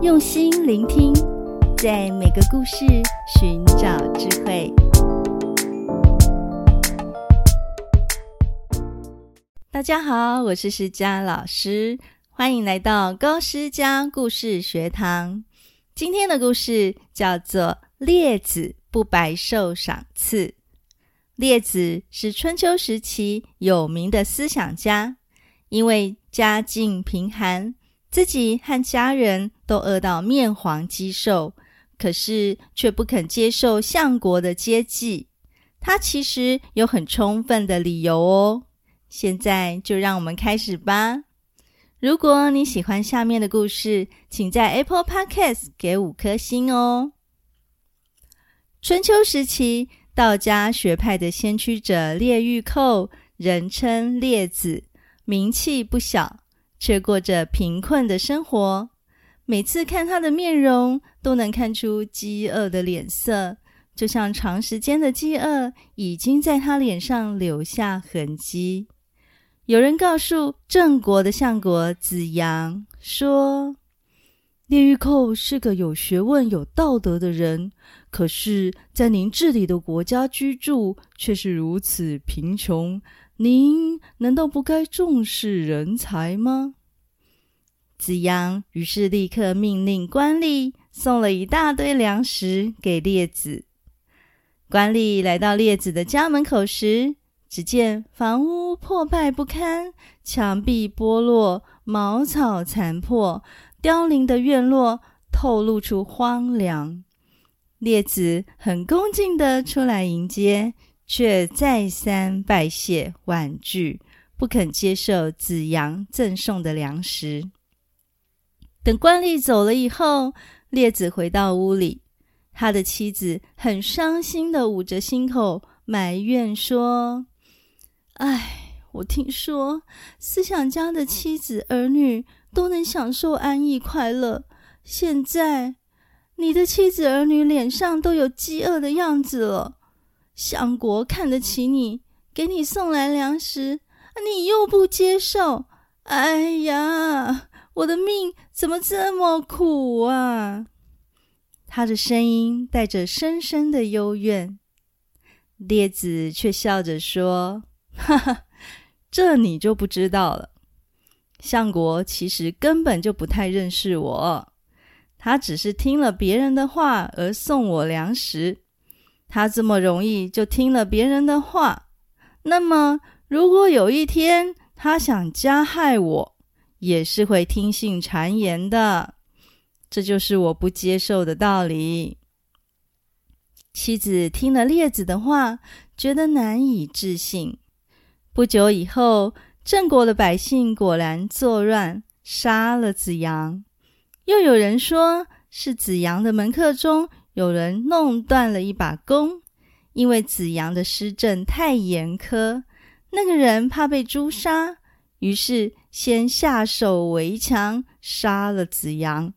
用心聆聽，在每個故事尋找智慧。大家好，我是詩佳老師，歡迎來到高詩佳故事學堂。今天的故事叫做《列子不白受賞賜》。列子是春秋時期有名的思想家，因為家境貧寒。自己和家人都餓到面黃肌瘦，可是卻不肯接受相國的接濟。他其實有很充分的理由哦。現在就讓我們開始吧。如果你喜歡下面的故事，請在 Apple Podcast 給五顆星哦。春秋時期，道家學派的先驅者列禦寇，人稱列子，名氣不小，卻過着貧困的生活，每次看他的面容，都能看出飢餓的臉色，就像長時間的飢餓已經在他臉上留下痕跡。有人告訴鄭國的相國子陽說：“列御寇是個有學問、有道德的人，可是，在您治理的國家居住，卻是如此貧窮。”您難道不該重視人才嗎？子陽於是立刻命令官吏送了一大堆糧食給列子。官吏來到列子的家門口時，只見房屋破敗不堪，牆壁剝落，茅草殘破，凋零的院落透露出荒涼。列子很恭敬地出來迎接。卻再三拜謝婉拒，不肯接受子陽贈送的糧食。等官吏走了以後，列子回到屋裡，他的妻子很傷心地捂着心口埋怨說：“唉，我聽說思想家的妻子兒女都能享受安逸快樂，現在你的妻子兒女臉上都有飢餓的樣子了。”相國看得起你，給你送來糧食，你又不接受。哎呀，我的命怎麼這麼苦啊！他的聲音帶着深深的幽怨。列子卻笑着說：“哈哈，這你就不知道了。相國其實根本就不太認識我，他只是聽了別人的話而送我糧食。”他這麼容易就聽了別人的話，那麼如果有一天他想加害我，也是會聽信讒言的。這就是我不接受的道理。妻子聽了列子的話，覺得難以置信。不久以後，鄭國的百姓果然作亂，殺了子陽。又有人說是子陽的門客中。有人弄斷了一把弓，因為子陽的施政太嚴苛，那個人怕被誅殺，於是先下手為強，殺了子陽。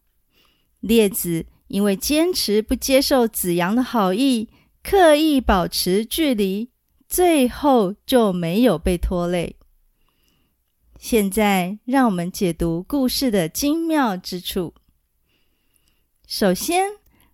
列子因為堅持不接受子陽的好意，刻意保持距離，最後就沒有被拖累。現在讓我們解讀故事的精妙之處。首先，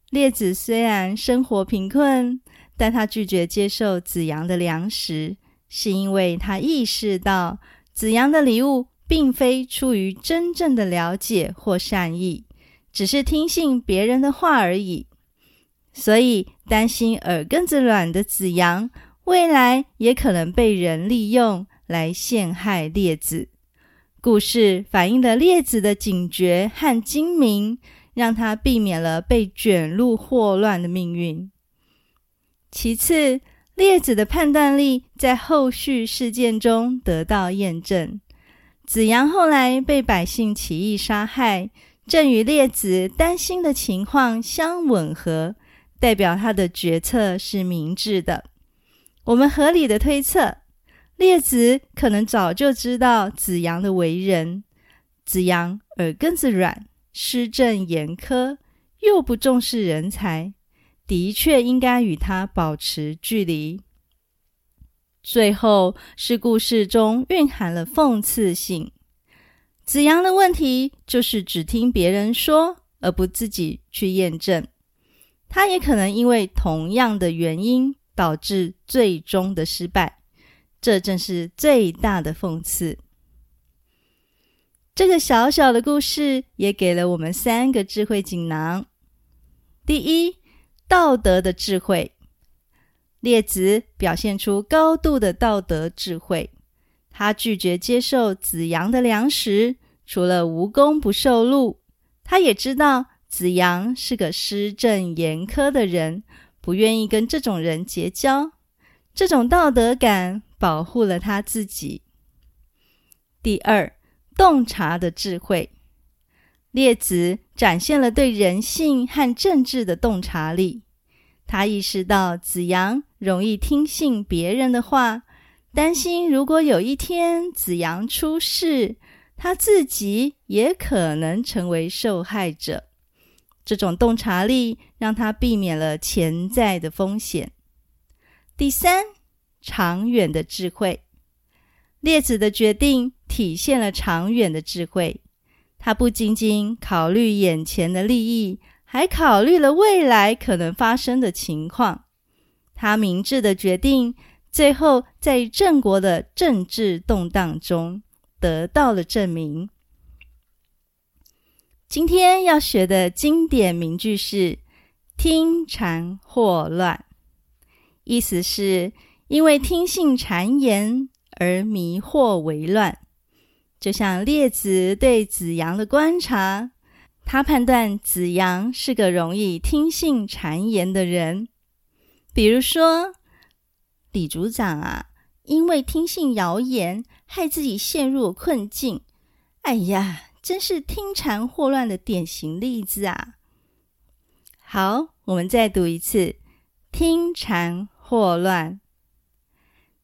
列子雖然生活貧困，但他拒絕接受子陽的糧食，是因為他意識到子陽的禮物並非出於真正的了解或善意，只是聽信別人的話而已。所以，擔心耳根子軟的子陽，未來也可能被人利用來陷害列子。故事反映了列子的警覺和精明。讓他避免了被捲入禍亂的命運。其次，列子的判斷力在後續事件中得到驗證。子陽後來被百姓起義殺害，正與列子擔心的情況相吻合，代表他的決策是明智的。我們合理的推測，列子可能早就知道子陽的為人，子陽耳根子軟。施政嚴苛，又不重視人才，的確應該與他保持距離。最後是故事中蘊含了諷刺性，子陽的問題就是只聽別人說，而不自己去驗證。他也可能因為同樣的原因導致最終的失敗，這正是最大的諷刺。這個小小的故事也給了我們三個智慧錦囊。第一，道德的智慧。列子表現出高度的道德智慧，他拒絕接受子陽的糧食，除了無功不受祿，他也知道子陽是個施政嚴苛的人，不願意跟這種人結交。這種道德感保護了他自己。第二。洞察的智慧，列子展現了對人性和政治的洞察力。他意識到子陽容易聽信別人的話，擔心如果有一天子陽出事，他自己也可能成為受害者。這種洞察力讓他避免了潛在的風險。第三，長遠的智慧，列子的決定。體現了長遠的智慧，他不僅僅考慮眼前的利益，還考慮了未來可能發生的情況。他明智的決定，最後在鄭國的政治動盪中得到了證明。今天要學的經典名句是“聽讒惑亂”，意思是因為聽信讒言而迷惑為亂。就像列子對子陽的觀察，他判斷子陽是個容易聽信讒言的人。比如說，李組長啊，因為聽信謠言，害自己陷入困境。哎呀，真是聽讒惑亂的典型例子啊！好，我們再讀一次“聽讒惑亂”。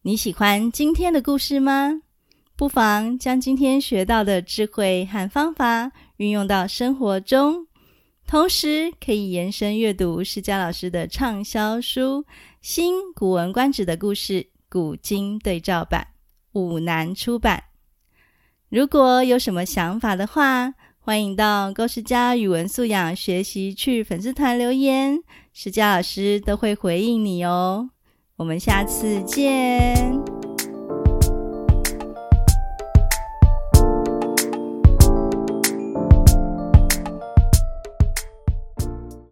你喜歡今天的故事嗎？不妨將今天學到的智慧和方法運用到生活中，同時可以延伸閱讀詩佳老師的暢銷書《新古文觀止的故事古今對照版》，五南出版。如果有什麼想法的話，歡迎到“高詩佳語文素養學習趣”粉絲團留言，詩佳老師都會回應你哦。我們下次見。